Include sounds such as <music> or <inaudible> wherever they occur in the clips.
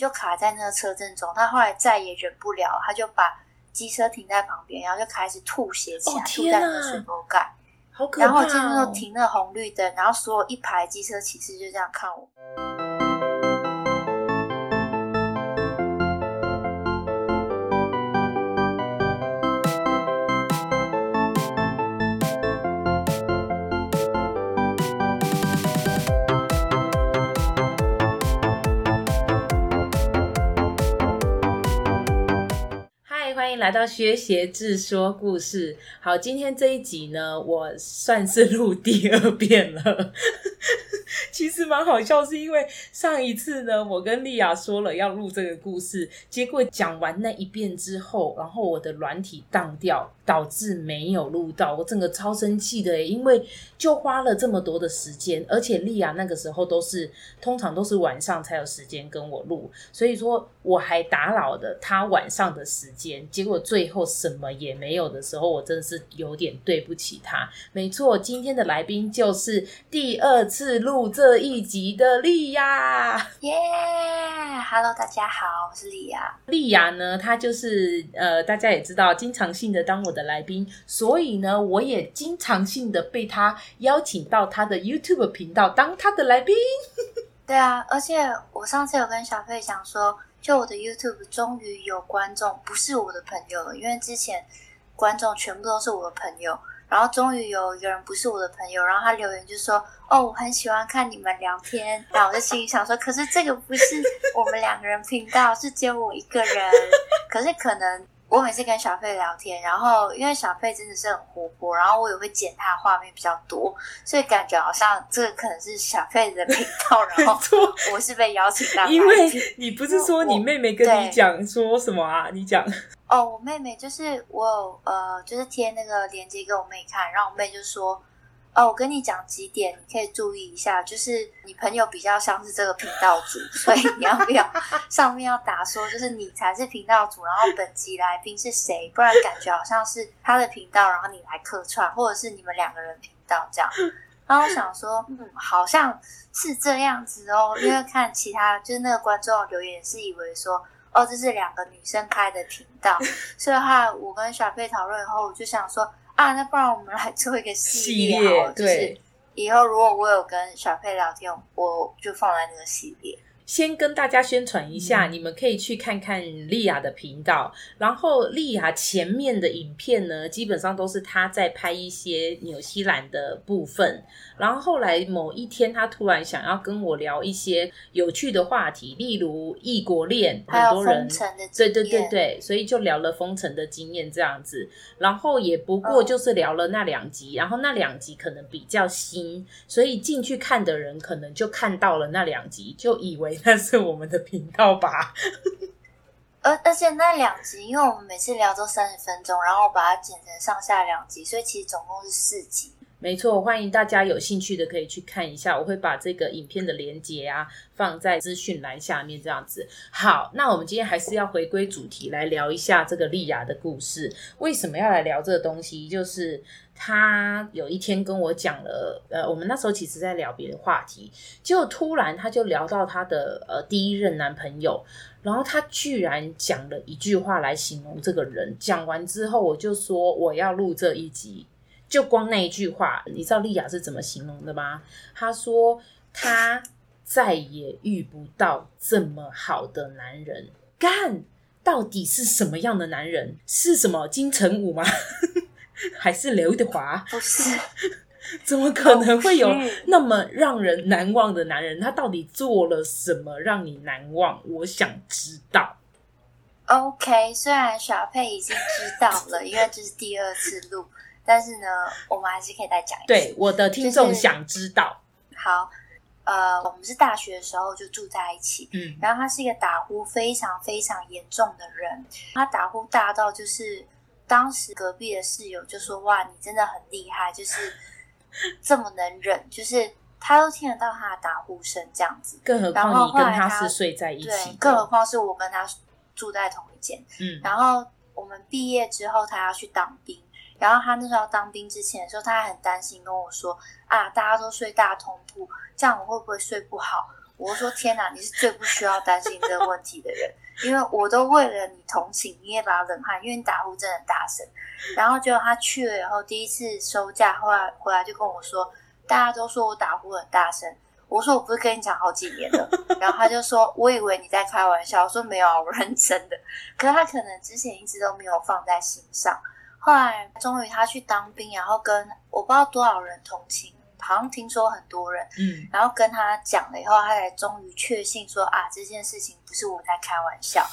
就卡在那個車陣中，他後來再也忍不了，他就把機車停在旁邊，然後就開始吐血起來，哦、吐在那個水溝蓋、哦，然後我這時候停那個紅綠燈，然後所有一排機車騎士就這樣看我。來到薛協志說故事，好，今天這一集呢，我算是錄第二遍了。 <laughs> 其實蠻好笑，是因為上一次呢，我跟麗亞說了要錄這個故事，結果講完那一遍之後，然後我的軟體盪掉，導致沒有錄到，我整個超生氣的，因為就花了這麼多的時間，而且麗亞那個時候都是通常都是晚上才有時間跟我錄，所以說我還打擾了她晚上的時間，結果最後什麼也沒有的時候，我真的是有點對不起她。沒錯，今天的來賓就是第二次錄。這一集的莉亞，耶，yeah，Hello，大家好，我是莉亞。莉亞呢，她就是呃，大家也知道，經常性的當我的來賓，所以呢，我也經常性的被她邀請到她的 YouTube 頻道當她的來賓。 <laughs> 對啊，而且我上次有跟小佩講說，就我的 YouTube 終於有觀眾不是我的朋友了，因為之前觀眾全部都是我的朋友。然後終於有有人不是我的朋友，然後他留言就說：“哦，我很喜歡看你們聊天。”然後我就心裡想說：“可是這個不是我們兩個人頻道，是只有我一個人。”可是可能我每次跟小費聊天，然後因為小費真的是很活潑，然後我也會剪他的畫面比較多，所以感覺好像這個可能是小費的頻道。然後我是被邀請到，因為你不是說你妹妹跟你講說什麼啊？你講。哦，我妹妹就是我有，呃，就是貼那個鏈接給我妹看，然後我妹就說：“哦，我跟你講幾點，你可以注意一下，就是你朋友比較像是這個頻道主，所以你要不要上面要打說，就是你才是頻道主。然後本集來賓是誰？不然感覺好像是他的頻道，然後你來客串，或者是你們兩個人頻道這樣。”然後我想說，嗯，好像是這樣子哦，因為看其他就是那個觀眾留言是以為說。哦，這是兩個女生開的頻道，所以的話，我跟小佩討論以後，我就想說啊，那不然我們來做一個系列好了，系列，對。就是以後如果我有跟小佩聊天，我就放在那個系列。先跟大家宣傳一下、嗯，你們可以去看看 Lia 的頻道。然後 Lia 前面的影片呢，基本上都是她在拍一些紐西蘭的部分。然後後來某一天，她突然想要跟我聊一些有趣的話題，例如異國戀，很多人，還有封城的經驗。對對對對，所以就聊了封城的經驗這樣子。然後也不過就是聊了那兩集、哦，然後那兩集可能比較新，所以進去看的人可能就看到了那兩集，就以為。但是我們的頻道吧，而而且，那兩集，因為我們每次聊都三十分鐘，然後把它剪成上下兩集，所以其實總共是四集。沒錯，歡迎大家有興趣的可以去看一下，我會把這個影片的連結啊放在資訊欄下面，這樣子。好，那我們今天還是要回歸主題，來聊一下這個麗雅的故事。為什麼要來聊這個東西？就是。她有一天跟我講了，呃，我們那時候其實在聊別的話題，結果突然她就聊到她的呃第一任男朋友，然後她居然講了一句話來形容這個人。講完之後，我就說我要錄這一集，就光那一句話，你知道莉亞是怎麼形容的嗎？她說她再也遇不到這麼好的男人。幹，到底是什麼樣的男人？是什麼金城武嗎？ <laughs> 還是劉德華？不是， <laughs> 怎麼可能會有那麼讓人難忘的男人？他到底做了什麼讓你難忘？我想知道。OK，雖然小佩已經知道了，因為這是第二次錄， <laughs> 但是呢，我們還是可以再講一下。對，我的聽眾想知道。就是，好，呃，我們是大學的時候就住在一起，嗯，然後他是一個打呼非常非常嚴重的人，他打呼大到就是。當時隔壁的室友就說：“哇，你真的很厲害，就是這麼能忍。”就是他都聽得到他的打呼聲這樣子。更何況後來你跟他是睡在一起，對，更何況是我跟他住在同一間。嗯。然後我們畢業之後，他要去當兵。然後他那時候當兵之前的時候，他還很擔心跟我說：“啊，大家都睡大通鋪，這樣我會不會睡不好？”我說：“天哪，你是最不需要擔心這個問題的人。 <laughs> ”因為我都為了你同情，你也把他冷汗，因為你打呼真的很大聲。然後結果他去了以後，第一次收假，後來回來就跟我說，大家都說我打呼很大聲。我說我不是跟你講好幾年了。 <laughs> 然後他就說，我以為你在開玩笑。我說沒有，我認真的。可是他可能之前一直都沒有放在心上。後來終於他去當兵，然後跟我不知道多少人同情。好像聽說很多人，嗯，然後跟他講了以後，他才終於確信說啊，這件事情不是我在開玩笑。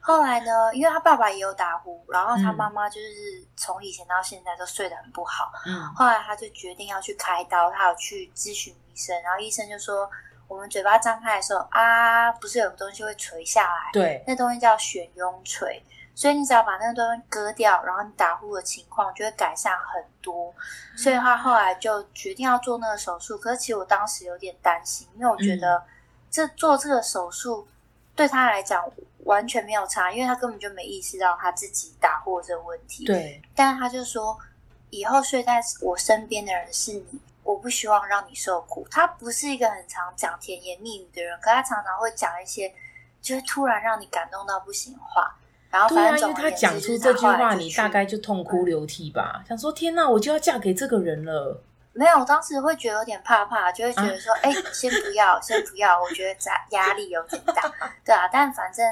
後來呢，因為他爸爸也有打呼，然後他媽媽就是從以前到現在都睡得很不好。嗯，後來他就決定要去開刀，他有去諮詢醫生，然後醫生就說，我們嘴巴張開的時候啊，不是有個東西會垂下來？對，那東西叫懸雍垂。所以你只要把那段割掉，然後你打呼的情況就會改善很多。所以他後來就決定要做那個手術，嗯。可是其實我當時有點擔心，因為我覺得這、嗯、做這個手術對他來講完全沒有差，因為他根本就沒意識到他自己打呼這個問題。對。但他就說：“以後睡在我身邊的人是你，我不希望讓你受苦。”他不是一個很常講甜言蜜語的人，可他常常會講一些就是突然讓你感動到不行的話。然後反正就是因為他講出這句話，你大概就痛哭流涕吧，想說天哪，我就要嫁給這個人了。沒有，我當時會覺得有點怕怕，就會覺得說，哎、啊，欸、你先不要， <laughs> 先不要，我覺得壓壓力有點大。 <laughs> 對啊，但反正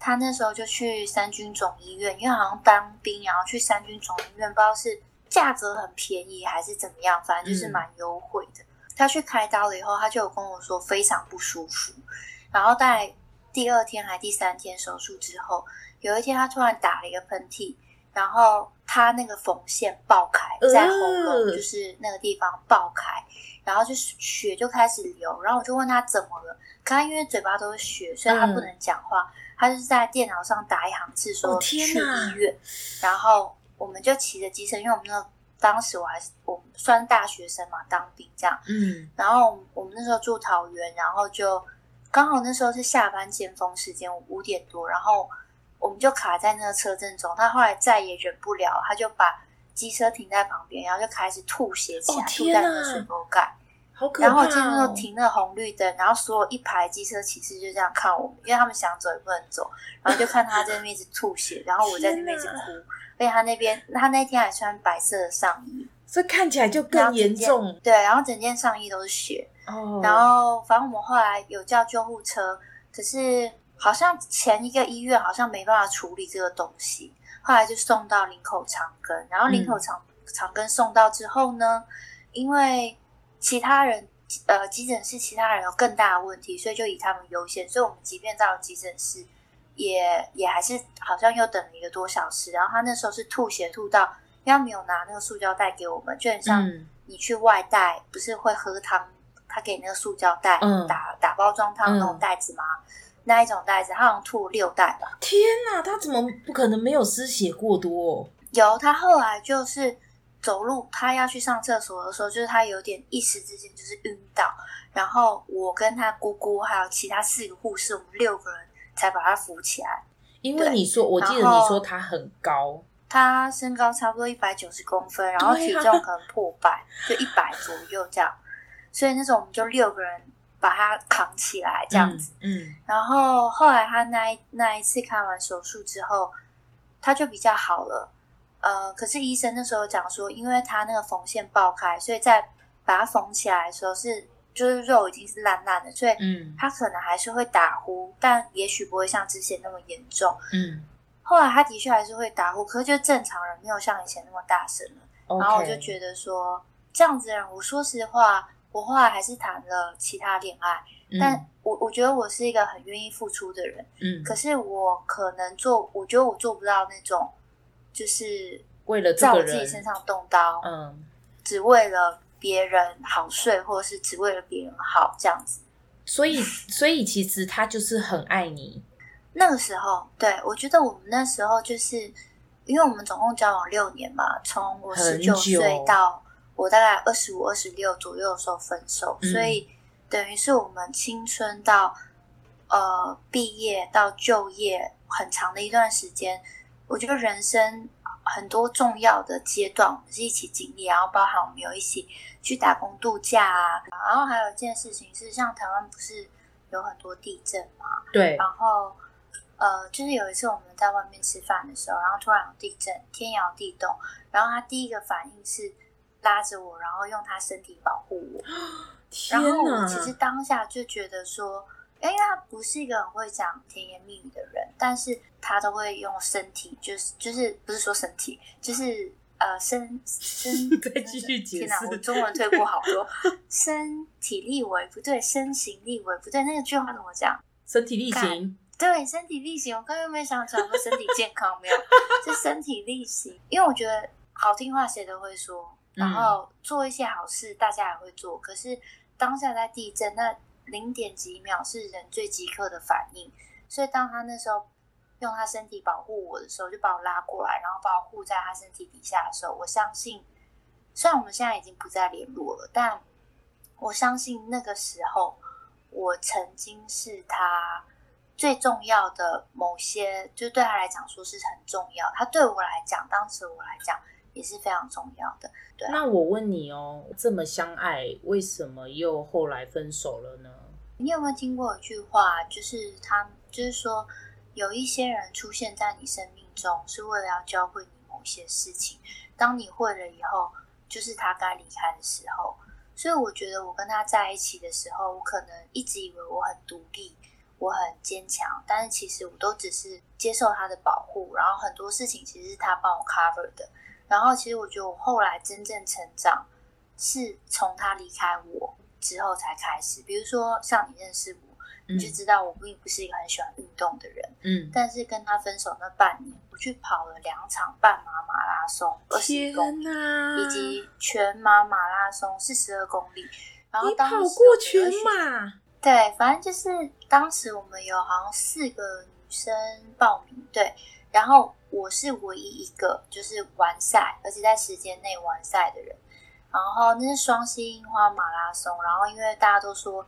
他那時候就去三軍總醫院，因為好像當兵，然後去三軍總醫院，不知道是價格很便宜還是怎麼樣，反正就是蠻優惠的。嗯、他去開刀了以後，他就有跟我說非常不舒服，然後大概第二天還第三天手術之後。有一天，他突然打了一個噴嚏，然後他那個縫線爆開，在喉嚨就是那個地方爆開，嗯、然後就血就開始流。然後我就問他怎麼了，剛剛因為嘴巴都是血，所以他不能講話，嗯、他就是在電腦上打一行字說、哦、去醫院。然後我們就騎着機車，因為我們那當時我還是我算是大學生嘛，當兵這樣，嗯，然後我們那時候住桃園，然後就剛好那時候是下班尖峰時間，五點多，然後。我們就卡在那個車陣中，他後來再也忍不了，他就把機車停在旁邊，然後就開始吐血起來，哦啊、吐在那個水溝蓋，好可怕、哦。然後我見那停了紅綠燈，然後所有一排機車騎士就這樣看我們，因為他們想走也不能走，然後就看他在那邊一直吐血， <laughs> 然後我在那邊一直哭、啊。所以他那邊他那天還穿白色的上衣，所以看起來就更嚴重。對，然後整件上衣都是血。哦。然後反正我們後來有叫救護車，可是。好像前一個醫院好像沒辦法處理這個東西，後來就送到林口長庚。然後林口長、嗯、長庚送到之後呢，因為其他人呃急診室其他人有更大的問題，所以就以他們優先。所以我們即便到了急診室也，也也還是好像又等了一個多小時。然後他那時候是吐血吐到，因為他沒有拿那個塑膠袋給我們，就很像你去外帶、嗯、不是會喝湯，他給那個塑膠袋、嗯、打打包裝湯那種袋子嗎？嗯那一種袋子，他好像吐了六袋吧。天哪、啊，他怎麼不可能沒有失血過多？有，他後來就是走路，他要去上廁所的時候，就是他有點一時之間就是暈倒，然後我跟他姑姑還有其他四個護士，我們六個人才把他扶起來。因為你說，我記得你說他很高，他身高差不多一百九十公分，然後體重可能破百，就一百、啊、左右這樣，所以那時候我們就六個人。把他扛起來這樣子，嗯，嗯，然後後來他那那一次看完手術之後，他就比較好了，呃，可是醫生那時候講說，因為他那個縫線爆開，所以在把它縫起來的時候是就是肉已經是爛爛的，所以嗯，他可能還是會打呼，嗯，但也許不會像之前那麼嚴重，嗯，後來他的確還是會打呼，可是就正常人沒有像以前那麼大聲了，Okay. 然後我就覺得說這樣子人，我說實話。我後來還是談了其他戀愛，但我、嗯、我覺得我是一個很願意付出的人，嗯，可是我可能做，我覺得我做不到那種，就是為了在我自己身上動刀，嗯，只為了別人好睡，或者是只為了別人好這樣子。所以，所以其實他就是很愛你。 <laughs> 那個時候，對，我覺得我們那時候就是，因為我們總共交往六年嘛，從我十九歲到。我大概二十五、二十六左右的時候分手，嗯，所以等於是我們青春到呃畢業到就業很長的一段時間。我覺得人生很多重要的階段，我們是一起經歷，然後包含我們有一起去打工度假啊。然後還有一件事情是，像台灣不是有很多地震嘛，對。然後呃，就是有一次我們在外面吃飯的時候，然後突然有地震，天搖地動。然後他第一個反應是。拉着我，然後用他身體保護我。天哪。然後我其實當下就覺得說，哎，他不是一個很會講甜言蜜語的人，但是他都會用身體，就是就是不是說身體，就是呃身身。對，繼續解釋，那個、天哪，我中文退步好多。 <laughs> 身體力維不對，身形力維不對，那個句話怎麼講？身體力行。對，身體力行。我剛剛沒想成說身體健康沒有，是身體力行。因為我覺得好聽話，誰都會說。然後做一些好事，大家也會做。可是當下在地震，那零點幾秒是人最即刻的反應。所以當他那時候用他身體保護我的時候，就把我拉過來，然後把我護在他身體底下的時候，我相信，雖然我們現在已經不再聯絡了，但我相信那個時候，我曾經是他最重要的某些，就對他來講說是很重要。他對我來講，當時我來講。也是非常重要的。對，那我問你哦，這麼相愛，為什麼又後來分手了呢？你有沒有聽過一句話，就是他就是說，有一些人出現在你生命中，是為了要教會你某些事情。當你會了以後，就是他該離開的時候。所以我覺得，我跟他在一起的時候，我可能一直以為我很獨立，我很堅強，但是其實我都只是接受他的保護，然後很多事情其實是他幫我 cover 的。然後，其實我覺得我後來真正成長，是從他離開我之後才開始。比如說，像你認識我，你就知道我並不是一個很喜歡運動的人。嗯，但是跟他分手那半年，我去跑了兩場半馬馬拉松，二十公里，以及全馬馬拉松四十二公里。然後當時20，你跑過全馬？對，反正就是當時我們有好像四個女生報名，對，然後。我是唯一一個就是完賽，而且在時間內完賽的人。然後那是雙溪櫻花馬拉松。然後因為大家都說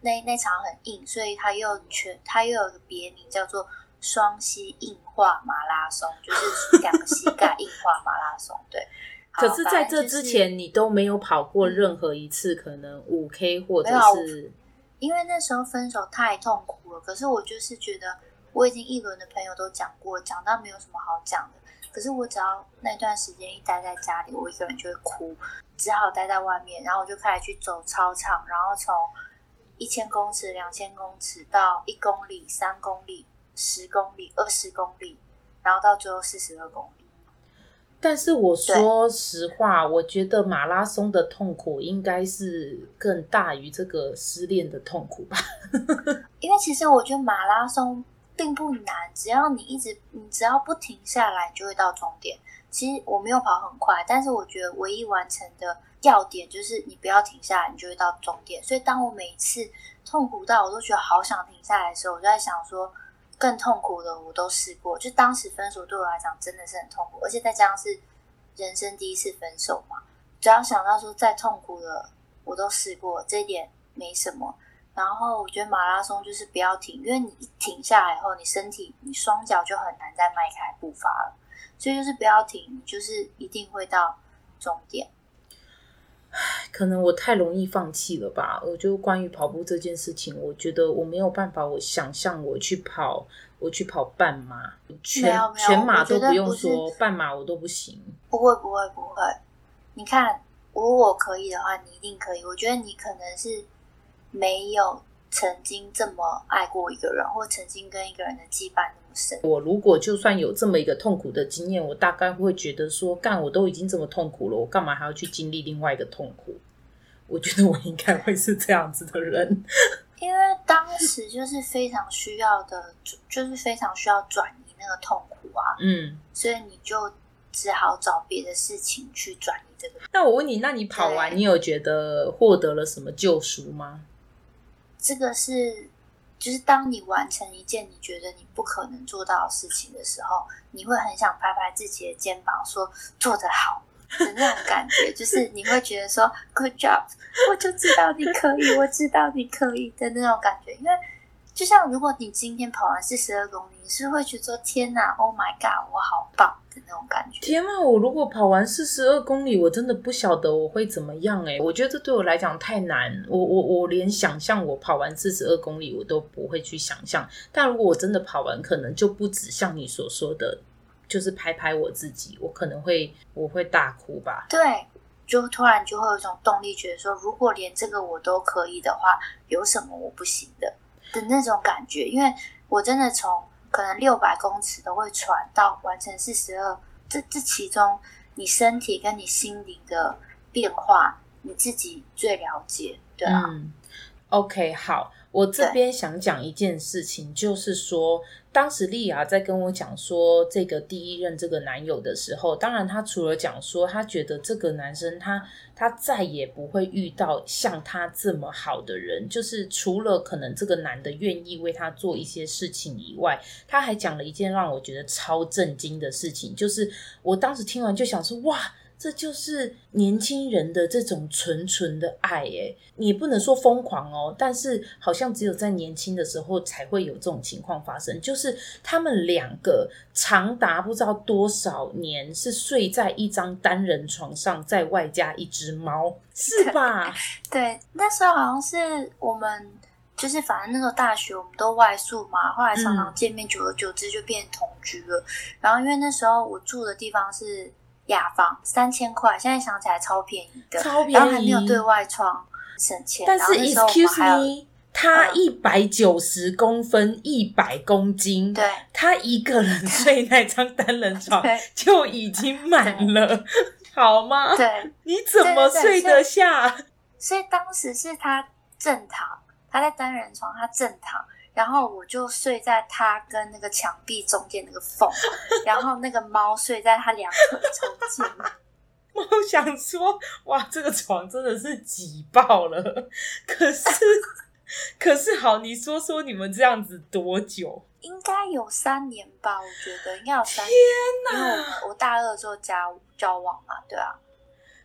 那那場很硬，所以他又全他又有個別名叫做雙膝硬化馬拉松，就是兩個膝蓋硬化馬拉松。 <laughs> 對。可是在這之前，你都沒有跑過任何一次、嗯、可能五 K 或者是，因為那時候分手太痛苦了。可是我就是覺得。我已經一輪的朋友都講過，講到沒有什麼好講的。可是我只要那段時間一待在家裡，我一個人就會哭，只好待在外面。然後我就開始去走操場，然後從一千公尺、兩千公尺到一公里、三公里、十公里、二十公里，然後到最後四十二公里。但是我說實話，我覺得馬拉松的痛苦應該是更大於這個失戀的痛苦吧。 <laughs> 因為其實我覺得馬拉松。並不難，只要你一直，你只要不停下來，你就會到終點。其實我沒有跑很快，但是我覺得唯一完成的要點就是你不要停下來，你就會到終點。所以當我每一次痛苦到我都覺得好想停下來的時候，我就在想說，更痛苦的我都試過。就當時分手對我來講真的是很痛苦，而且再加上是人生第一次分手嘛，只要想到說再痛苦的我都試過，這一點沒什麼。然後我覺得馬拉松就是不要停，因為你一停下來以後，你身體你雙腳就很難再邁開步伐了。所以就是不要停，你就是一定會到終點。唉，可能我太容易放棄了吧？我就關於跑步這件事情，我覺得我沒有辦法，我想象我去跑，我去跑半馬，全全馬都不用說不不，半馬我都不行。不會不會不會，你看，如果我可以的話，你一定可以。我覺得你可能是。沒有曾經這麼愛過一個人，或曾經跟一個人的羈絆那麼深。我如果就算有這麼一個痛苦的經驗，我大概會覺得說，幹我都已經這麼痛苦了，我幹嘛還要去經歷另外一個痛苦？我覺得我應該會是這樣子的人， <laughs> 因為當時就是非常需要的，就是非常需要轉移那個痛苦啊。嗯，所以你就只好找別的事情去轉移這個痛苦。那我問你，那你跑完，對。你有覺得獲得了什麼救贖嗎？這個是，就是當你完成一件你覺得你不可能做到的事情的時候，你會很想拍拍自己的肩膀，說做得好，的那種感覺，就是你會覺得說 <laughs> good job，我就知道你可以，我知道你可以的那種感覺，因為。就像如果你今天跑完四十二公里，你是，是會去做天哪，Oh my God，我好棒的那種感覺。天哪，我如果跑完四十二公里，我真的不曉得我會怎麼樣哎、欸。我覺得這對我來講太難，我我我連想象我跑完四十二公里我都不會去想象。但如果我真的跑完，可能就不止像你所說的，就是拍拍我自己，我可能會我會大哭吧。對，就突然就會有一種動力，覺得說如果連這個我都可以的話，有什麼我不行的？的那種感覺，因為我真的從可能六百公尺都會喘到完成四十二，這這其中你身體跟你心靈的變化，你自己最了解，對啊。嗯 OK，好，我這邊想講一件事情，就是說，當時麗雅在跟我講說這個第一任這個男友的時候，當然她除了講說她覺得這個男生他他再也不會遇到像他這麼好的人，就是除了可能這個男的願意為她做一些事情以外，他還講了一件讓我覺得超震驚的事情，就是我當時聽完就想說，哇。這就是年輕人的這種純純的愛，欸，耶。你不能說瘋狂哦，但是好像只有在年輕的時候才會有這種情況發生，就是他們兩個長達不知道多少年是睡在一張單人床上，再外加一隻貓，是吧？對，那時候好像是我們就是反正那個大學我們都外宿嘛，後來常常見面久了，久、嗯、而久之就變同居了。然後因為那時候我住的地方是。雅房三千塊，現在想起來超便宜的，超便宜。然後還沒有對外窗省錢。但是 excuse me，他一百九十公分，嗯，一百公斤，對，他一個人睡那張單人床就已經滿了，好嗎？對，你怎麼睡得下？對對對，所以，所以當時是他正躺，他在單人床，他正躺。然後我就睡在他跟那個牆壁中間那個縫， <laughs> 然後那個貓睡在他兩口中間。 <laughs> 我想說：“哇，這個床真的是擠爆了。”可是， <laughs> 可是好，你說說你們這樣子多久？應該有三年吧？我覺得應該有三年。天哪！因為我，我大二的時候交往嘛，對啊。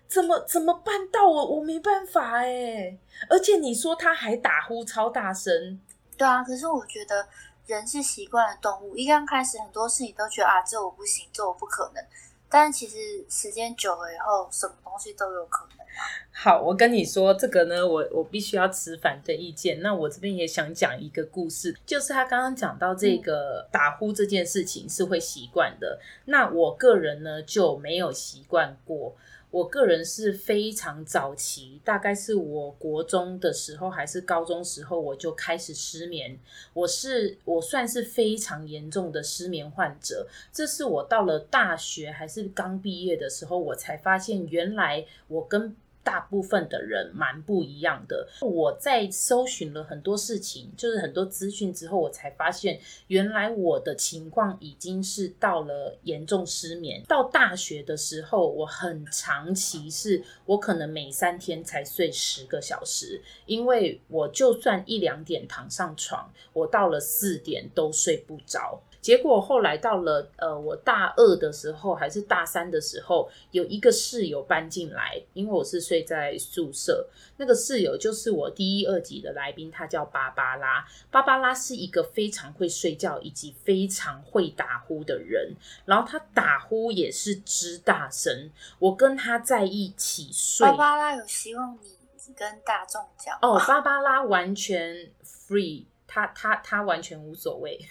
怎麼怎麼辦到我？我我沒辦法哎！而且你說他還打呼超大聲。對啊，可是我覺得人是習慣的動物，一剛開始很多事情都覺得啊，這我不行，這我不可能。但其實時間久了以後，什麼東西都有可能。好，我跟你說，這個呢，我我必須要持反對意見。那我這邊也想講一個故事，就是他剛剛講到這個、嗯、打呼這件事情是會習慣的，那我個人呢就沒有習慣過。我個人是非常早期，大概是我國中的時候還是高中時候，我就開始失眠。我是我算是非常嚴重的失眠患者，這是我到了大學還是剛畢業的時候，我才發現原來我跟大部分的人蠻不一樣的。我在搜尋了很多事情，就是很多資訊之後，我才發現原來我的情況已經是到了嚴重失眠。到大學的時候，我很長期是我可能每三天才睡十個小時，因為我就算一兩點躺上床，我到了四點都睡不着。結果後來到了呃，我大二的時候還是大三的時候，有一個室友搬進來，因為我是睡在宿舍。那個室友就是我第一、二集的來賓，他叫芭芭拉。芭芭拉是一個非常會睡覺以及非常會打呼的人，然後他打呼也是直大聲，我跟他在一起睡，芭芭拉有希望你你跟大眾講哦，芭芭拉完全 free。他他他完全無所謂、 <laughs>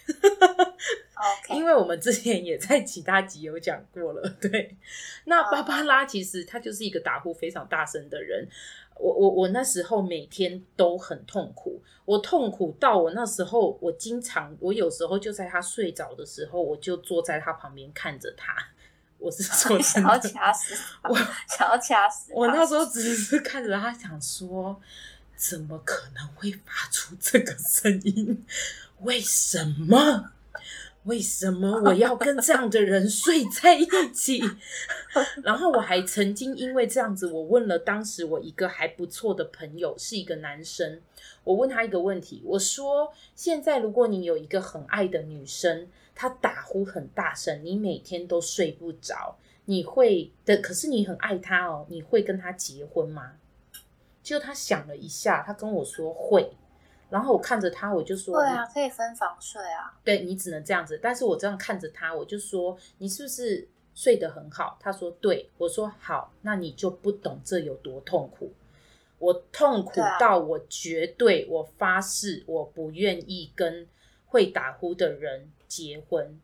okay. 因為我們之前也在其他集有講過了，對。那芭芭拉其實他就是一個打呼非常大聲的人，我我我那時候每天都很痛苦，我痛苦到我那時候我經常我有時候就在他睡着的時候，我就坐在他旁邊看着他，我是坐，想要掐死，我想要掐死，我那時候只是看着他想說。怎麼可能會發出這個聲音？為什麼？為什麼我要跟這樣的人睡在一起？ <laughs> 然後我還曾經因為這樣子，我問了當時我一個還不錯的朋友，是一個男生，我問他一個問題，我說：現在如果你有一個很愛的女生，她打呼很大聲，你每天都睡不着，你會的？可是你很愛她哦，你會跟她結婚嗎？就他想了一下，他跟我說會，然後我看着他，我就說：對啊你，可以分房睡啊。對你只能這樣子，但是我這樣看着他，我就說：你是不是睡得很好？他說：對。我說：好，那你就不懂這有多痛苦。我痛苦到我絕對，我發誓，我不願意跟會打呼的人結婚。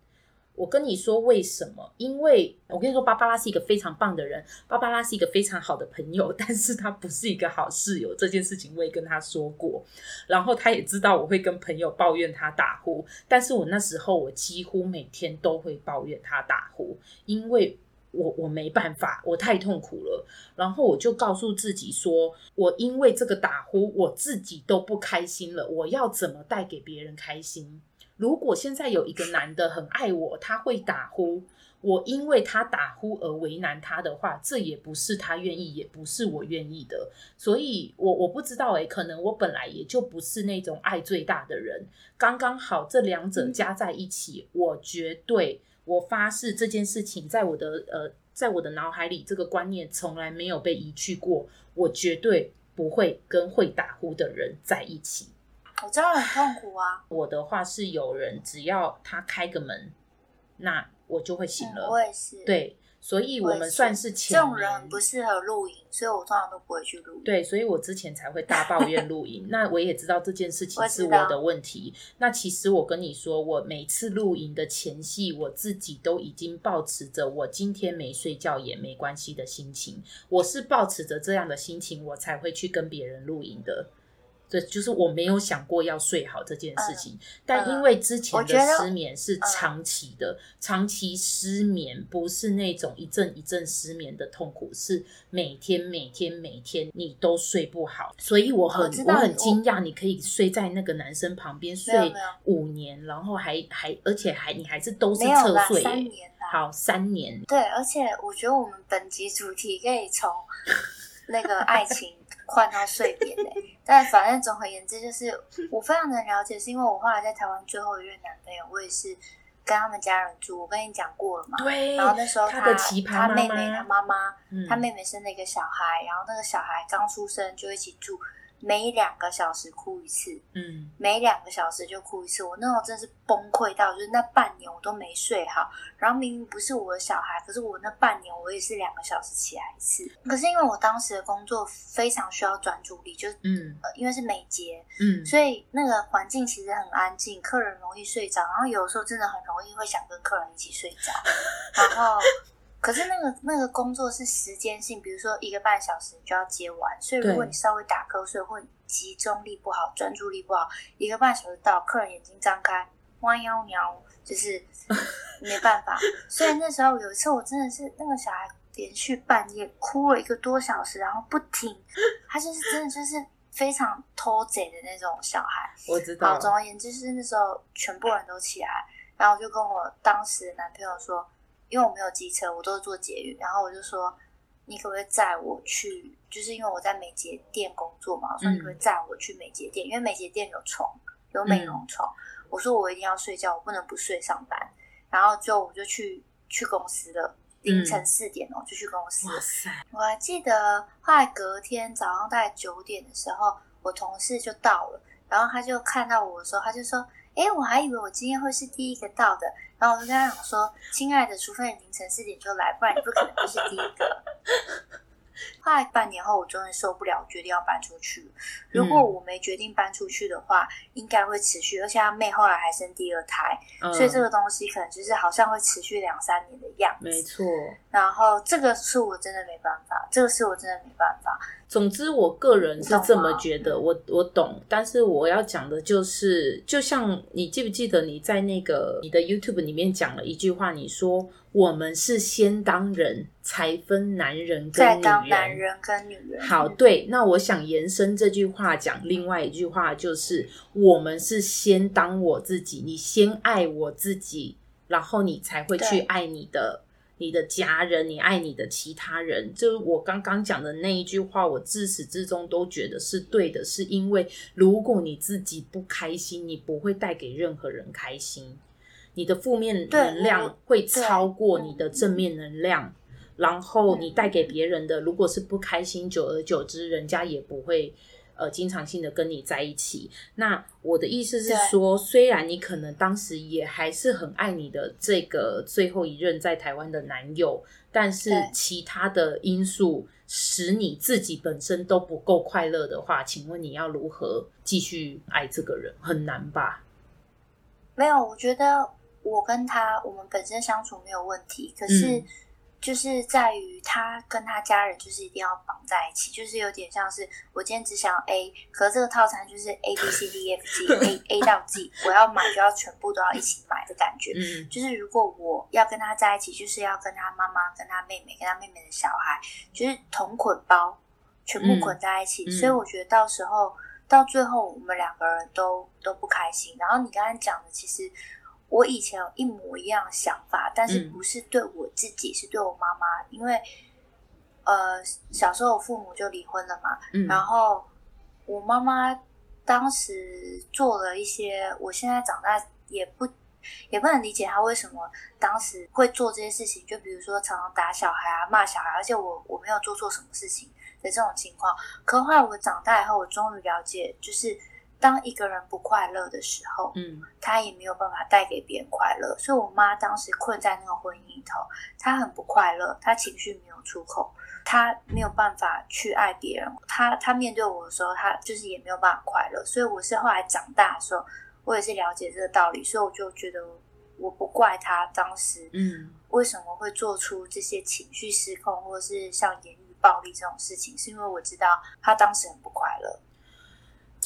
我跟你說為什麼？因為我跟你說，芭芭拉是一個非常棒的人，芭芭拉是一個非常好的朋友，但是她不是一個好室友。這件事情我也跟她說過，然後她也知道我會跟朋友抱怨她打呼，但是我那時候我幾乎每天都會抱怨她打呼，因為我我沒辦法，我太痛苦了。然後我就告訴自己說，我因為這個打呼，我自己都不開心了，我要怎麼帶給別人開心？如果現在有一個男的很愛我，他會打呼，我因為他打呼而為難他的話，這也不是他願意，也不是我願意的。所以我，我我不知道，欸，哎，可能我本來也就不是那種愛最大的人。剛剛好，這兩者加在一起，嗯，我絕對，我發誓，這件事情在我的呃，在我的腦海裡，這個觀念從來沒有被移去過。我絕對不會跟會打呼的人在一起。我知道很痛苦啊！我的話是有人只要他開個門，那我就會醒了。嗯、我也是。對，所以我們算是淺眠。這種人不適合露營，所以我通常都不會去露營。對，所以我之前才會大抱怨露營。 <laughs> 那我也知道這件事情是我的問題。那其實我跟你說，我每次露營的前夕，我自己都已經保持着我今天沒睡覺也沒關係的心情。我是保持着這樣的心情，我才會去跟別人露營的。這就是我沒有想過要睡好這件事情，嗯、但因為之前的失眠是長期的、嗯嗯，長期失眠不是那種一陣一陣失眠的痛苦，是每天每天每天你都睡不好，所以我很、哦、我很驚訝你可以睡在那個男生旁邊睡五年，然後還還而且還你還是都是側睡，誒好三年。對，而且我覺得我們本集主題可以從那個愛情。 <laughs> 換 <laughs> 到睡眠嘞！但反正總而言之，就是我非常能了解，是因為我後來在台灣最後一任男朋友，我也是跟他們家人住。我跟你講過了嘛，對。然後那時候他，他的奇葩媽媽，他妹妹他媽媽，他媽媽，他妹妹生了一個小孩，然後那個小孩剛出生就一起住。每兩個小時哭一次，嗯，每兩個小時就哭一次。我那時候真是崩潰到，就是那半年我都沒睡好。然後明明不是我的小孩，可是我那半年我也是兩個小時起來一次。可是因為我當時的工作非常需要專注力，就嗯、呃，因為是美睫，嗯，所以那個環境其實很安靜，客人容易睡着，然後有時候真的很容易會想跟客人一起睡着， <laughs> 然後。可是那個那個工作是時間性，比如說一個半小時你就要接完，所以如果你稍微打瞌睡或你集中力不好，專注力不好，一個半小時到客人眼睛張開，彎腰瞄，就是沒辦法。所以那時候有一次，我真的是那個小孩連續半夜哭了一個多小時，然後不停，他就是真的就是非常偷賊的那種小孩。我知道。總而言之，是那時候全部人都起來，然後我就跟我當時的男朋友說。因為我沒有機車，我都是坐捷運。然後我就說：“你可不可以載我去？”就是因為我在美睫店工作嘛，我說：“你可不可以載我去美睫店、嗯？”因為美睫店有床，有美容床。嗯、我說：“我一定要睡覺，我不能不睡上班。”然後就我就去去公司了，凌晨四點哦、嗯、就去公司了。我還記得後來隔天早上大概九點的時候，我同事就到了，然後他就看到我的時候，他就說：“誒，我還以為我今天會是第一個到的。”然後我就跟他講說：“親愛的，除非你凌晨四點就來，不然你不可能不是第一個。”快半年後，我終於受不了，我決定要搬出去。如果我沒決定搬出去的話，應該會持續。而且他妹後來還生第二胎、嗯，所以這個東西可能就是好像會持續兩三年的樣子。沒錯。然後這個是我真的沒辦法，這個是我真的沒辦法。總之，我個人是這麼覺得，我懂、啊、我，我懂，但是我要講的就是，就像你記不記得你在那個你的 YouTube 裡面講了一句話，你說，我們是先當人才分男人跟女人，再當男人跟女人。好，對，那我想延伸這句話講、嗯、另外一句話，就是我們是先當我自己，你先愛我自己，然後你才會去愛你的。你的家人，你愛你的其他人，就是我剛剛講的那一句話，我自始至終都覺得是對的，是因為如果你自己不開心，你不會帶給任何人開心，你的負面能量會超過你的正面能量，然後你帶給別人的，如果是不開心，久而久之，人家也不會。呃，經常性的跟你在一起，那我的意思是說，雖然你可能當時也還是很愛你的這個最後一任在台灣的男友，但是其他的因素使你自己本身都不夠快樂的話，請問你要如何繼續愛這個人？很難吧？沒有，我覺得我跟他我們本身相處沒有問題，可是。嗯就是在於他跟他家人，就是一定要綁在一起，就是有點像是我今天只想要 A，可是這個套餐就是 A B C D F G <laughs> A A 到 G，我要買就要全部都要一起買的感覺、嗯。就是如果我要跟他在一起，就是要跟他媽媽、跟他妹妹、跟他妹妹的小孩，就是同捆包，全部捆在一起。嗯、所以我覺得到時候到最後，我們兩個人都都不開心。然後你剛才講的，其實。我以前有一模一樣想法，但是不是對我自己，嗯、是對我媽媽，因為呃，小時候我父母就離婚了嘛，嗯、然後我媽媽當時做了一些，我現在長大也不也不能理解她為什麼當時會做這些事情，就比如說常常打小孩啊、罵小孩，而且我我沒有做錯什麼事情的這種情況。可後來我長大以後，我終於了解，就是。當一個人不快樂的時候，嗯，他也沒有辦法帶給別人快樂。所以，我媽當時困在那個婚姻裡頭，她很不快樂，她情緒沒有出口，她沒有辦法去愛別人。她，她面對我的時候，她就是也沒有辦法快樂。所以，我是後來長大的時候，我也是了解這個道理，所以我就覺得我不怪她當時，嗯，為什麼會做出這些情緒失控，或者是像言語暴力這種事情，是因為我知道她當時很不快樂。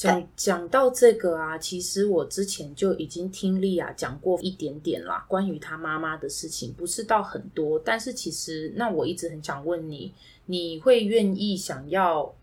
講講到這個啊，其實我之前就已經聽麗亞講過一點點啦，關於她媽媽的事情，不是到很多。但是其實，那我一直很想問你，你會願意想要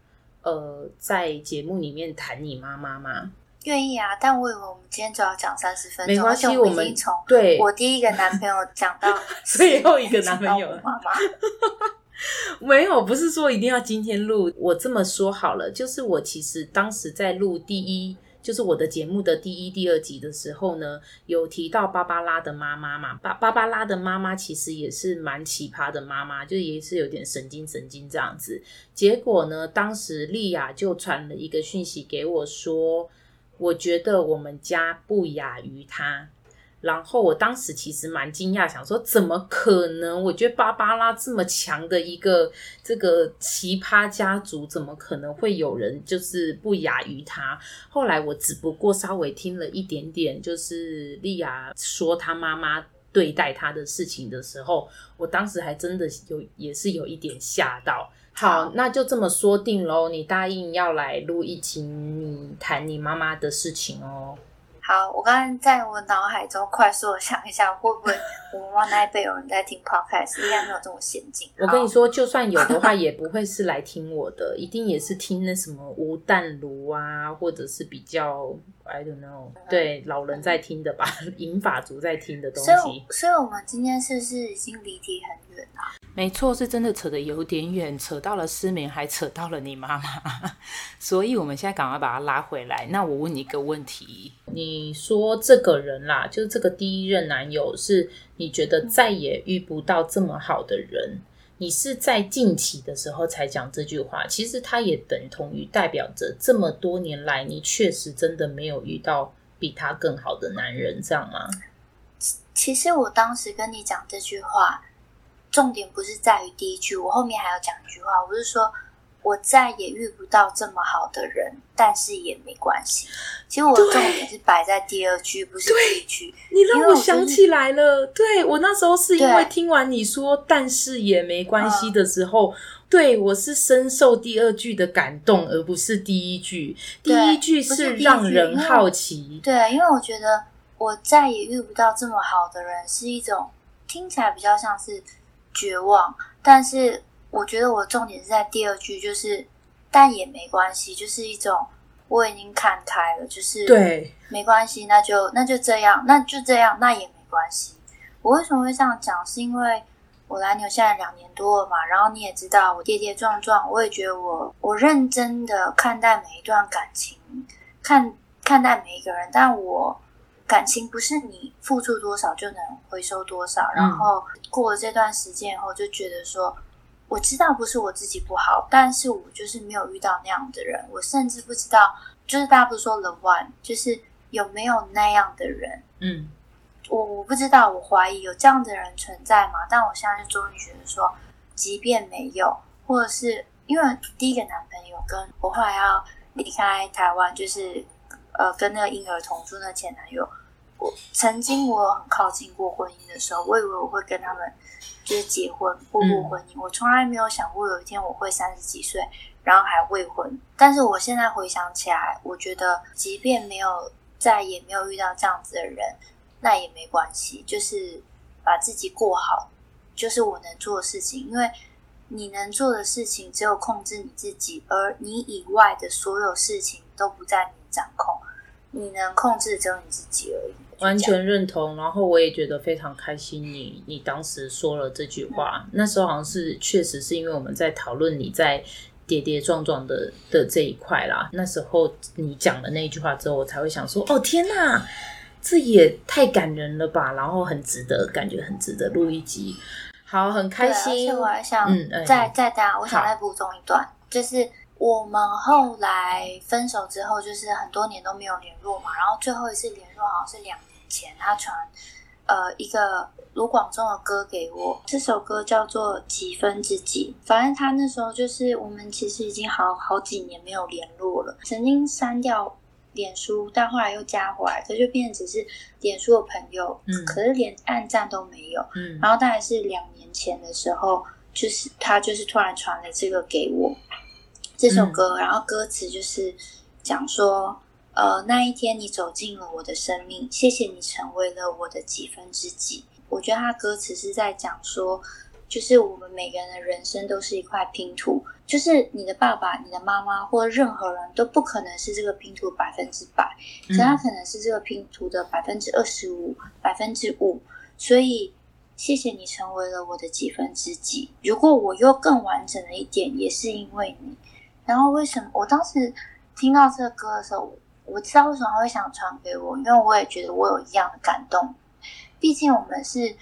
呃在節目裡面談你媽媽嗎？願意啊，但我以為我們今天就要講三十分鐘，沒關係，而且我們從對我第一個男朋友講到 <laughs> 最後一個男朋友媽媽。 <laughs> <laughs> 沒有，不是說一定要今天錄。我這麼說好了，就是我其實當時在錄第一，就是我的節目的第一、第二集的時候呢，有提到芭芭拉的媽媽嘛。芭芭拉的媽媽其實也是蠻奇葩的媽媽，就也是有點神經、神經這樣子。結果呢，當時莉亞就傳了一個訊息給我說，說我覺得我們家不亞於她。然後我當時其實蠻驚訝，想說怎麼可能？我覺得芭芭拉這麼強的一個這個奇葩家族，怎麼可能會有人就是不亞於她？後來我只不過稍微聽了一點點，就是莉亞說她媽媽對待她的事情的時候，我當時還真的有也是有一點嚇到。好，那就這麼說定嘍，你答應要來錄一集，你談你媽媽的事情哦。好，我剛剛在我腦海中快速的想一下，會不會？ <laughs> 我們忘那一有人在聽 p o c t 應該沒有這麼陷阱。我跟你說，就算有的話，也不會是來聽我的， <laughs> 一定也是聽那什麼無彈爐啊，或者是比較 I don't know，、嗯、對老人在聽的吧，飲法族在聽的東西。所以，所以我們今天是不是已經離題很遠了？沒錯，是真的扯的有點遠，扯到了失眠，還扯到了你媽媽。 <laughs> 所以我們現在趕快把它拉回來。那我問你一個問題：你說這個人啦、啊，就是這個第一任男友是？你覺得再也遇不到這麼好的人，你是在近期的時候才講這句話，其實它也等同於代表着這麼多年來你確實真的沒有遇到比他更好的男人，這樣嗎？其實我當時跟你講這句話，重點不是在於第一句，我後面還要講一句話，我是說。我再也遇不到這麼好的人，但是也沒關係。其實我的重點是擺在第二句，不是第一句。你讓我想起來了。對，對，我那時候是因為聽完你說“但是也沒關係”的時候，嗯、對，我是深受第二句的感動，而不是第一句。第一句是讓人好奇。對，因為我覺得我再也遇不到這麼好的人，是一種聽起來比較像是絕望，但是。我覺得我重點是在第二句，就是但也沒關係，就是一種我已經看開了，就是對，沒關係，那就那就這樣，那就這樣，那也沒關係。我為什麼會這樣講？是因為我來紐現在兩年多了嘛，然後你也知道我跌跌撞撞，我也覺得我我認真的看待每一段感情，看看待每一個人，但我感情不是你付出多少就能回收多少，嗯、然後過了這段時間以後，就覺得說。我知道不是我自己不好，但是我就是沒有遇到那樣的人。我甚至不知道，就是大家不是說 the one 就是有沒有那樣的人。嗯，我我不知道，我懷疑有這樣的人存在嘛，但我現在就終於覺得說，即便沒有，或者是因為第一個男朋友跟我後來要離開台灣，就是呃，跟那個嬰兒同住的前男友，我曾經我很靠近過婚姻的時候，我以為我會跟他們。就是結婚步入婚姻，嗯，我從來沒有想過有一天我會三十幾歲，然後還未婚。但是我現在回想起來，我覺得即便沒有再也沒有遇到這樣子的人，那也沒關係。就是把自己過好，就是我能做的事情。因為你能做的事情只有控制你自己，而你以外的所有事情都不在你掌控。你能控制只有你自己而已。完全認同，然後我也覺得非常開心你。你你當時說了這句話，嗯、那時候好像是確實是因為我們在討論你在跌跌撞撞的的這一塊啦。那時候你講了那一句話之後，我才會想說：“哦天哪，這也太感人了吧！”然後很值得，感覺很值得錄一集。好，很開心。啊、我還想，嗯，再再講，我想再補充一段，就是我們後來分手之後，就是很多年都沒有聯絡嘛，然後最後一次聯絡好像是兩。前他傳，呃，一個盧廣仲的歌給我，這首歌叫做幾分之幾。反正他那時候就是我們其實已經好好幾年沒有聯絡了，曾經刪掉臉書，但後來又加回來，他就變成只是臉書的朋友，嗯，可是連按讚都沒有，嗯。然後大概是兩年前的時候，就是他就是突然傳了這個給我這首歌，嗯，然後歌詞就是講說。呃，那一天你走進了我的生命，謝謝你成為了我的幾分之幾。我覺得他歌詞是在講說，就是我們每個人的人生都是一塊拼圖，就是你的爸爸、你的媽媽或任何人都不可能是這個拼圖百分之百，他可能是這個拼圖的百分之二十五、百分之五。所以謝謝你成為了我的幾分之幾。如果我又更完整了一點，也是因為你。然後為什麼我當時聽到這個歌的時候，我知道為什麼他會想傳給我，因為我也覺得我有一樣的感動。畢竟我們是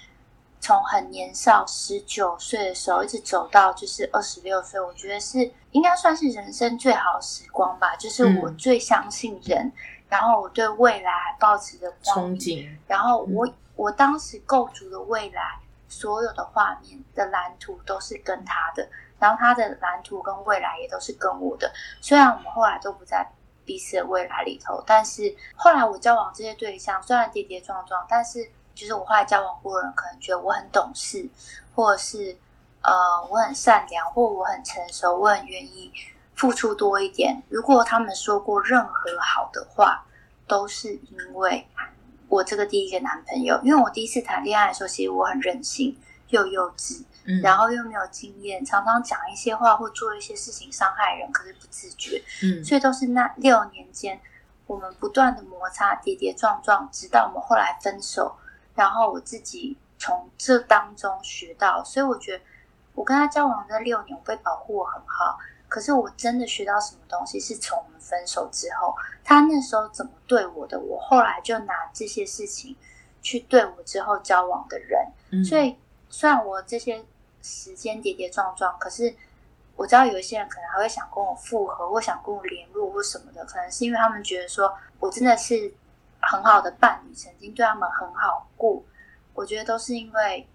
從很年少，十九歲的時候一直走到就是二十六歲，我覺得是應該算是人生最好的時光吧。就是我最相信人，嗯、然後我對未來還抱持着憧憬、嗯。然後我我當時構築的未來所有的畫面的藍圖都是跟他的，然後他的藍圖跟未來也都是跟我的。雖然我們後來都不在彼此的未來裡頭，但是後來我交往這些對象，雖然跌跌撞撞，但是就是我後來交往過的人，可能覺得我很懂事，或者是呃我很善良，或我很成熟，我很願意付出多一點。如果他們說過任何好的話，都是因為我這個第一個男朋友，因為我第一次談戀愛的時候，其實我很任性。又幼稚，嗯，然後又沒有經驗，常常講一些話或做一些事情傷害人，可是不自覺。嗯，所以都是那六年間，我們不斷的摩擦、跌跌撞撞，直到我們後來分手。然後我自己從這當中學到，所以我覺得我跟他交往的那六年，我被保護我很好。可是我真的學到什麼東西，是從我們分手之後，他那時候怎麼對我的，我後來就拿這些事情去對我之後交往的人。嗯，所以。雖然我這些時間跌跌撞撞，可是我知道有一些人可能還會想跟我復合，或想跟我聯絡或什麼的，可能是因為他們覺得說我真的是很好的伴侶，曾經對他們很好過。我覺得都是因為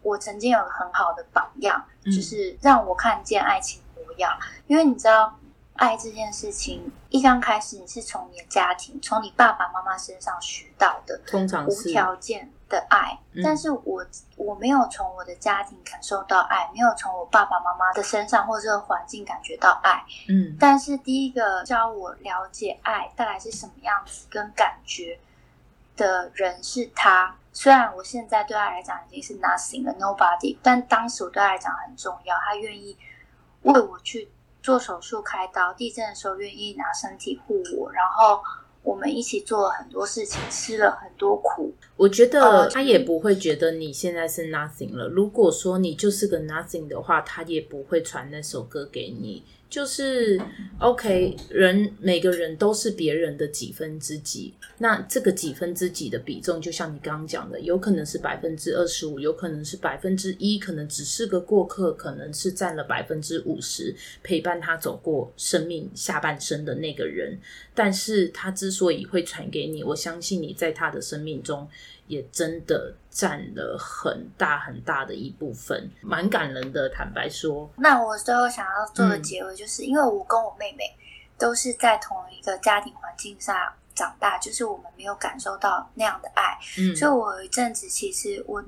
我曾經有很好的榜樣、嗯，就是讓我看見愛情模樣。因為你知道，愛這件事情一剛開始，你是從你的家庭，從你爸爸媽媽身上學到的，通常是無條件的愛，但是我、嗯、我沒有從我的家庭感受到愛，沒有從我爸爸媽媽的身上或者環境感覺到愛。嗯，但是第一個教我了解愛大概是什麼樣子跟感覺的人是他。雖然我現在對他來講已經是 nothing 了，nobody，但當時我對他來講很重要。他願意為我去做手術開刀，地震的時候願意拿身體護我，然後。我們一起做了很多事情，吃了很多苦。我覺得他也不會覺得你現在是 nothing 了。如果說你就是個 nothing 的話，他也不會傳那首歌給你。就是 OK，人每個人都是別人的幾分之幾。那這個幾分之幾的比重，就像你剛剛講的，有可能是百分之二十五，有可能是百分之一，可能只是個過客，可能是占了百分之五十，陪伴他走過生命下半生的那個人。但是他之所以會傳給你，我相信你在他的生命中。也真的佔了很大很大的一部分，蠻感人的。坦白說，那我最後想要做的結尾，就是、嗯、因為我跟我妹妹都是在同一個家庭環境下長大，就是我們沒有感受到那樣的愛，嗯，所以我有一陣子，其實我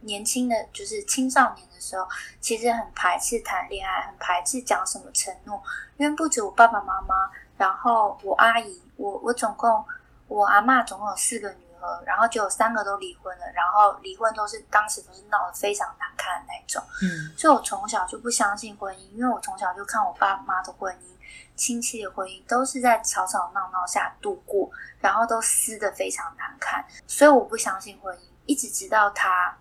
年輕的就是青少年的時候，其實很排斥談戀愛，很排斥講什麼承諾，因為不止我爸爸媽媽，然後我阿姨，我我總共我阿嬤總共有四個女，然後就有三個都離婚了，然後離婚都是當時都是鬧得非常難看的那種。嗯，所以我從小就不相信婚姻，因為我從小就看我爸媽的婚姻，親戚的婚姻都是在吵吵鬧鬧下度過，然後都撕得非常難看，所以我不相信婚姻。一直直到他，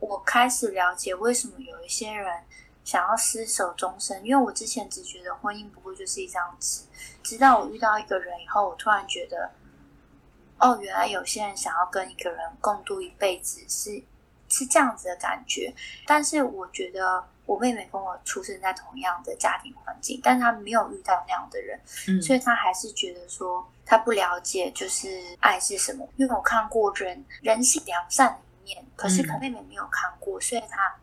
我開始了解為什麼有一些人想要厮守終身，因為我之前只覺得婚姻不過就是一張紙，直到我遇到一個人以後，我突然覺得。哦，原來有些人想要跟一個人共度一輩子是是這樣子的感覺。但是我覺得我妹妹跟我出生在同樣的家庭環境，但她沒有遇到那樣的人，嗯，所以她還是覺得說她不了解就是愛是什麼。因為我看過人人性良善的一面，可是可妹妹沒有看過，嗯，所以她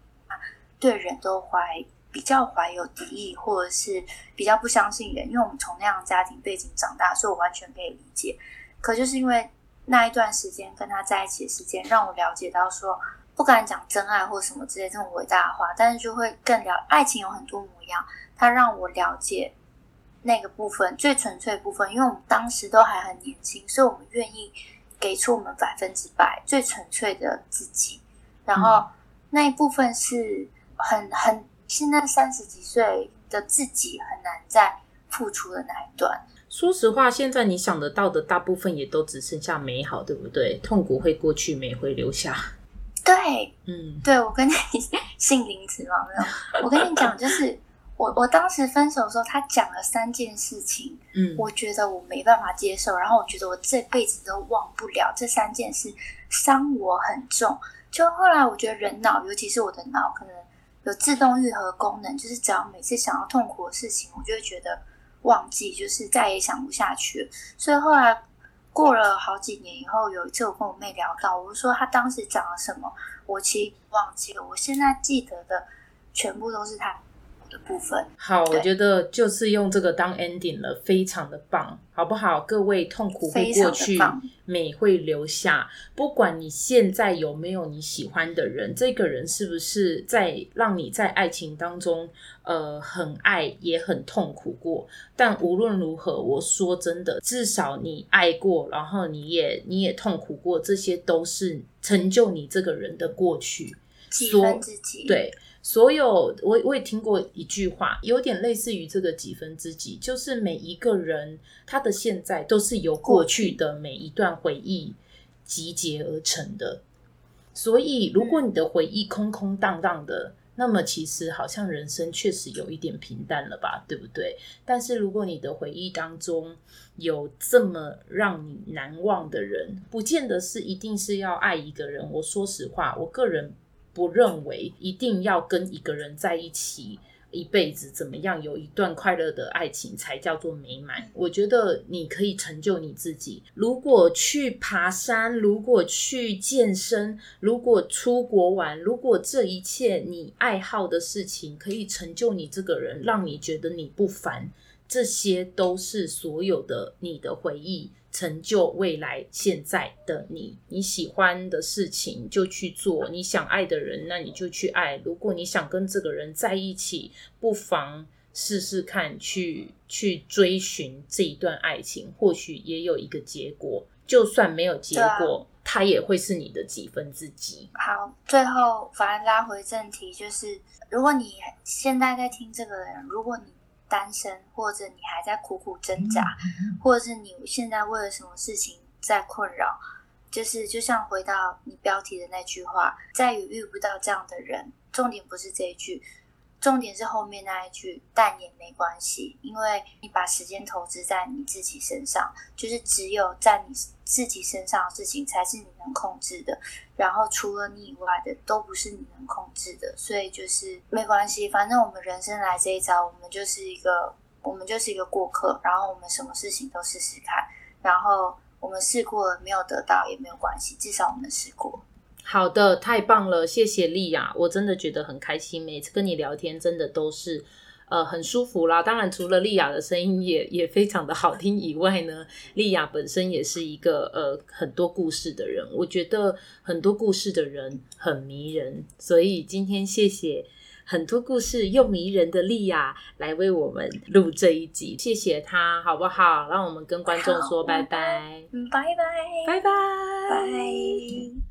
對人都懷比較懷有敵意，或者是比較不相信人。因為我們從那樣的家庭背景長大，所以我完全可以理解。可就是因為那一段時間跟他在一起的時間，讓我了解到說，不敢講真愛或什麼之類的這麼偉大的話，但是就會更了愛情有很多模樣。他讓我了解那個部分，最純粹部分，因為我們當時都還很年輕，所以我們願意給出我們百分之百最純粹的自己。然後那一部分是很很，現在三十幾歲的自己很難再付出的那一段。說實話，現在你想得到的大部分也都只剩下美好，對不對？痛苦會過去，美會留下。對，嗯，對，我跟你姓林子嗎？沒有，我跟你講，就是 <laughs> 我我當時分手的時候，他講了三件事情，嗯，我覺得我沒辦法接受，然後我覺得我這輩子都忘不了這三件事，傷我很重。就後來我覺得人腦，尤其是我的腦，可能有自動愈合功能，就是只要每次想到痛苦的事情，我就會覺得。忘記，就是再也想不下去，所以後來過了好幾年以後，有一次我跟我妹聊到，我就說她當時講了什麼，我其實忘記了。我現在記得的，全部都是她。部分好，我覺得就是用這個當 ending 了，非常的棒，好不好？各位，痛苦會過去，美會留下。不管你現在有沒有你喜歡的人，這個人是不是在讓你在愛情當中，呃，很愛也很痛苦過？但無論如何，我說真的，至少你愛過，然後你也你也痛苦過，這些都是成就你這個人的過去。幾分之幾？對，所有我我也聽過一句話，有點類似於這個幾分之幾，就是每一個人他的現在都是由過去的每一段回憶集結而成的。所以，如果你的回憶空空蕩蕩的，嗯，那麼其實好像人生確實有一點平淡了吧，對不對？但是，如果你的回憶當中有這麼讓你難忘的人，不見得是一定是要愛一個人。我說實話，我個人。我認為一定要跟一個人在一起一輩子，怎麼樣有一段快樂的愛情才叫做美滿？我覺得你可以成就你自己。如果去爬山，如果去健身，如果出國玩，如果這一切你愛好的事情可以成就你這個人，讓你覺得你不凡，這些都是所有的你的回憶。成就未來現在的你，你喜歡的事情就去做，你想愛的人，那你就去愛。如果你想跟這個人在一起，不妨試試看，去去追尋這一段愛情，或許也有一個結果。就算沒有結果，他、啊、也會是你的幾分之幾。好，最後反而拉回正題，就是如果你現在在聽這個人，如果你。單身，或者你還在苦苦掙扎，或者是你現在為了什麼事情在困擾，就是就像回到你標題的那句話，再也遇，遇不到這樣的人。重點不是這一句。重點是後面那一句，但也沒關係，因為你把時間投資在你自己身上，就是只有在你自己身上的事情才是你能控制的，然後除了你以外的都不是你能控制的，所以就是沒關係，反正我們人生來這一遭，我們就是一個我們就是一個過客，然後我們什麼事情都試試看，然後我們試過了沒有得到也沒有關係，至少我們試過。好的，太棒了，謝謝莉亞，我真的覺得很開心，每次跟你聊天真的都是，呃，很舒服啦。當然，除了莉亞的聲音也也非常的好聽以外呢，莉亞本身也是一個呃很多故事的人，我覺得很多故事的人很迷人，所以今天謝謝很多故事又迷人的莉亞來為我們錄這一集，謝謝她，好不好？讓我們跟觀眾說拜拜，拜拜，拜拜，拜，拜。拜拜拜拜拜拜嗯